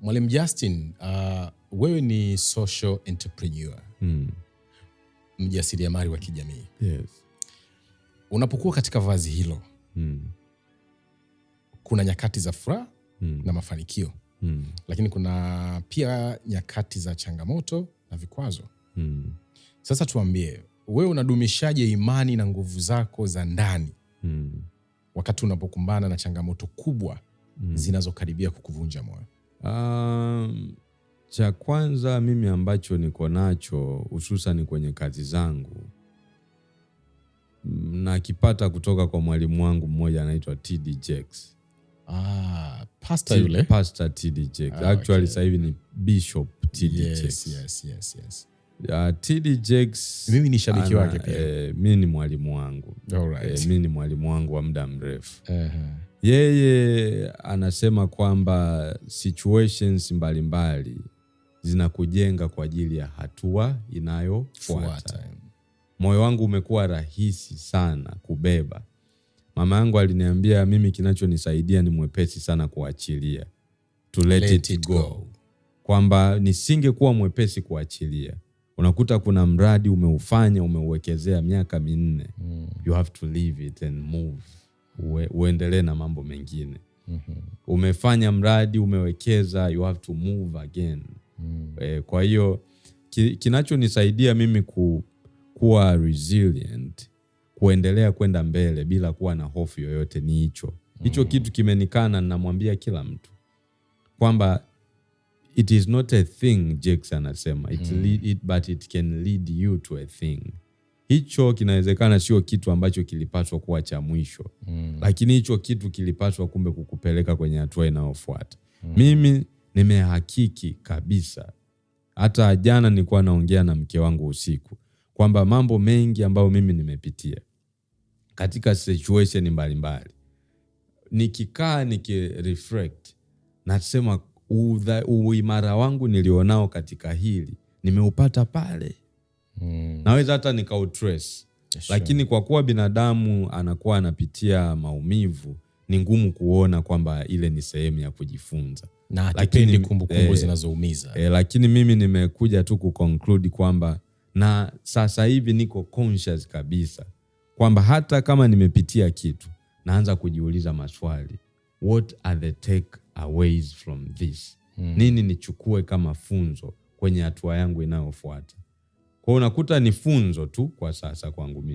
Mwalimu Justin, uh, wewe ni social entrepreneur mm. mjasiriamali wa kijamii yes. Unapokuwa katika vazi hilo mm. kuna nyakati za furaha mm. na mafanikio mm. lakini kuna pia nyakati za changamoto na vikwazo mm. Sasa tuambie, wewe unadumishaje imani na nguvu zako za ndani mm. wakati unapokumbana na changamoto kubwa mm. zinazokaribia kukuvunja moyo? Um, cha kwanza mimi ambacho niko nacho hususani kwenye kazi zangu mm, nakipata kutoka kwa mwalimu wangu mmoja anaitwa TD Jakes. Ah, pasta yule. Pasta TD Jakes. Ah, actually sasa hivi ni Bishop TD yes, Jakes. Yes, yes, yes. Uh, ah, TD Jakes. Mimi ni shabiki wake pia. Eh, mimi ni mwalimu wangu. All right. Eh, mimi ni mwalimu wangu wa muda mrefu. Uh -huh. Yeye anasema kwamba situations mbalimbali mbali zinakujenga kwa ajili ya hatua inayofuata. Moyo wangu umekuwa rahisi sana kubeba. Mama yangu aliniambia mimi, kinachonisaidia ni mwepesi sana kuachilia, to let, let it go, go. Kwamba nisingekuwa mwepesi kuachilia. Unakuta kuna mradi umeufanya umeuwekezea miaka minne, mm. you have to leave it and move uendelee na mambo mengine. mm -hmm. Umefanya mradi, umewekeza, you have to move again. mm -hmm. E, kwa hiyo ki, kinachonisaidia mimi ku, kuwa resilient kuendelea kwenda mbele bila kuwa na hofu yoyote ni hicho hicho mm. Kitu kimenikana, namwambia kila mtu kwamba it is not a thing. Jackson anasema it mm. lead, it, but it can lead you to a thing hicho kinawezekana sio kitu ambacho kilipaswa kuwa cha mwisho mm. Lakini hicho kitu kilipaswa kumbe kukupeleka kwenye hatua inayofuata mm. Mimi nimehakiki kabisa, hata jana nilikuwa naongea na mke wangu usiku kwamba mambo mengi ambayo mimi nimepitia katika situation mbalimbali, nikikaa nikireflect, nasema uimara wangu nilionao katika hili nimeupata pale naweza hata nikautrace sure. Lakini kwa kuwa binadamu anakuwa anapitia maumivu, ni ngumu kuona kwamba ile ni sehemu ya kujifunza na lakini eh, zinazoumiza eh, eh, lakini mimi nimekuja tu kuconclude kwamba na sasa hivi niko conscious kabisa kwamba hata kama nimepitia kitu naanza kujiuliza maswali, what are the take aways from this? Hmm. Nini nichukue kama funzo kwenye hatua yangu inayofuata? kwao unakuta ni funzo tu kwa sasa kwangu mimi.